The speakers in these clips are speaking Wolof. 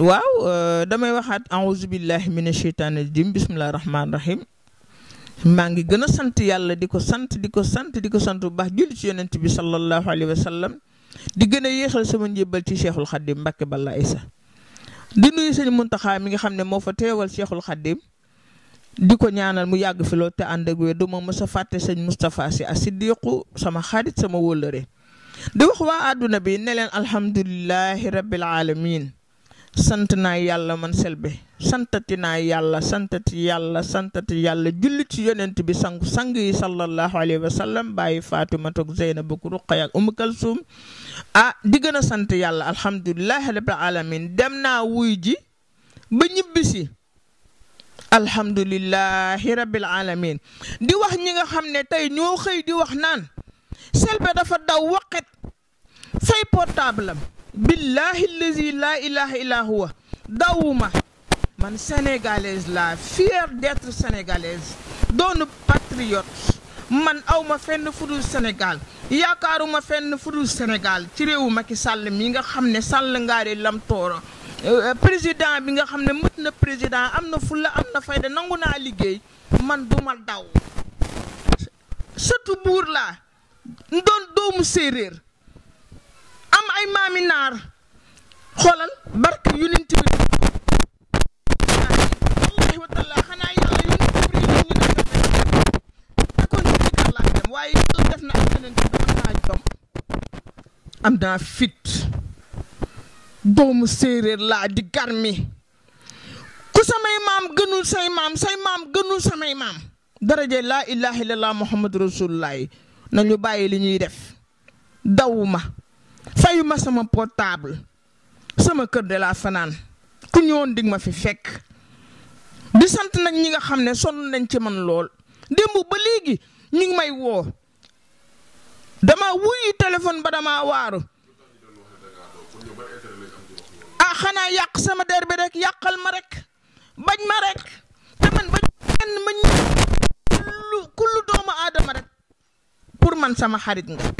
waaw euh, damay waxaat auzu billahi mina sheytaani rajim bismillahi rahmaani rahim maa ngi gën a sant yàlla di ko sant di ko sant di ko sant bu baax julli ci yonent bi sallallahu alayhi wa di gën a yéexal sama njébbal ci cheikhul xaddim Mbàkke Balla Isa di nuyu sëñ Muntaxa mi nga xam ne moo fa teewal cheikhul xaddim di ko ñaanal mu yàgg fi loolu te ànd ak wér duma mës a fàtte sëñ mustafa Sy as sama xarit sama wóllëre di wax waa àdduna bi ne leen sant naa yàlla man Selbé santati naa yàlla santati yàlla santati yàlla julli ci yonent bi sangu sang yi sallallahu alayhi wa bàyyi Faatuma toog Zeynab ak Ruqaya ak Umu Kalsum ah di gën a sant yàlla alhamdulilahi rabbil alamin dem naa wuy ji ba ñibbisi alhamdulilahi rabbil alamin di wax ñi nga xam ne tey ñoo xëy di wax naan Selbé dafa daw waqit fay portable billahi allazi la ilaha illa huwa man sénégalaise la fière d'être sénégalaise doon patriote man awma fenn fudul Sénégal yaakaaruma fenn fudul Sénégal ci réewu Macky sàll mi nga xam ne sàll ngaari lam toora euh, président bi nga xam ne mët na président am na fulla am na fayda nangu naa liggéey man duma daw surtout buur la doon doomu séeréer ay maami naar xoolal barke na ak am naa fit doomu séeréer laa di garmi ku samay maam gënul say maam say maam gënul samay maam daraje laa ilaha illallah muhammadu rasulullah nañu bàyyi li ñuy def dawuma fayu ma sama portable sama kër de la fanaan ku ñëwoon dig ma fi fekk di sant nag ñi nga xam ne sonn nañ ci man lool démb ba léegi ñu ngi may woo dama wuyu téléphone ba dama waaru ah xanaa yàq sama der bi rekk yàqal ma rekk bañ ma rekk te man bañ kenn ma kullu doomu aadama rekk pour man sama xarit nga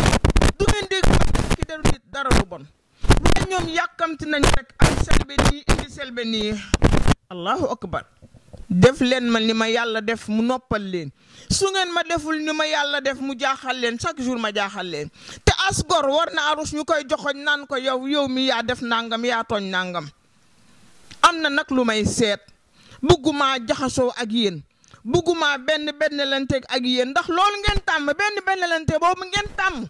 ñoom yàkkamti nañ rek am selbe nii indi selbe nii allahu akbar def leen ma ni ma yàlla def mu noppal leen su ngeen ma deful ni ma yàlla def mu jaaxal leen chaque jour ma jaaxal leen te asgor war na arus ñu koy joxoñ naan ko yow yow mi yaa def nangam yaa tooñ nangam am na nag lu may seet bugguma jaxasoo ak yéen bëgguma benn benn lenteeg ak yéen ndax lool ngeen tàmm benn benn lente boobu ngeen tàmm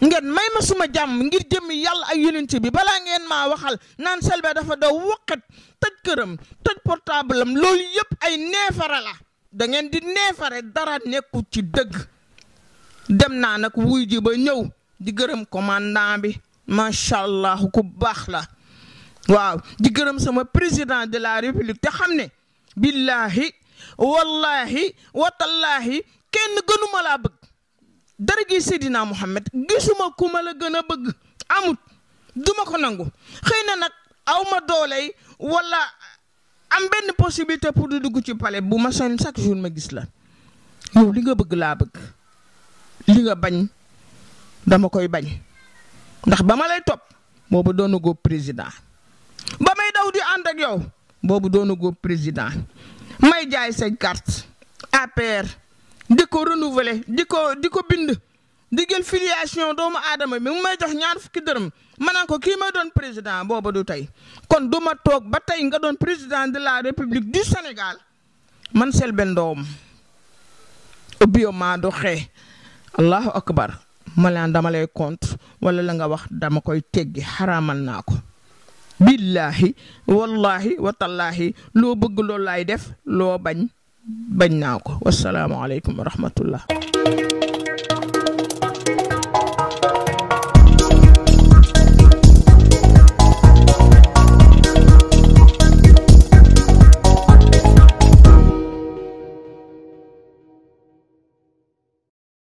ngeen may ma suma jàmm ngir jëmmi yàlla ak yonent bi balaa ngeen maa waxal naan selbe dafa daw waqat tëj këram tëj portable am loolu yëpp ay neefare la da di neefare dara nekku ci dëgg dem naa nag wuy ji ba ñëw di gërëm commandant bi macha allah ku baax la waaw di gërëm sama président de la république te xam ne billaahi wallaahi watallaahi kenn gënuma laa bëgg dara gi Seydina Muhammad gisuma ku ma la gën a bëgg amut duma ko nangu xëy na nag aw ma dooley wala am benn possibilité pour di dugg ci palais bu ma soñ chaque jour ma gis la yow li nga bëgg laa bëgg li nga bañ dama koy bañ ndax ba ma lay topp boobu doona góob président ba may daw di ànd ak yow boobu doona góob président may jaay say carte APR di ko renouveler di ko bind di jël filiation doomu aadama bi mu may jox ñaan fukki dërëm ma naan ko kii may doon président booba du tey kon du ma toog ba tey nga doon président de la république du Sénégal man Selbé Ndom ubbiyo maa du xee allahu akbar ma dama lay compte wala la nga wax dama koy teggi xaraamal naa ko billaahi wallaahi watallaahi loo bëgg loolu laay def loo bañ bañ naa ko wasalaamaaleykum wa rahmatullah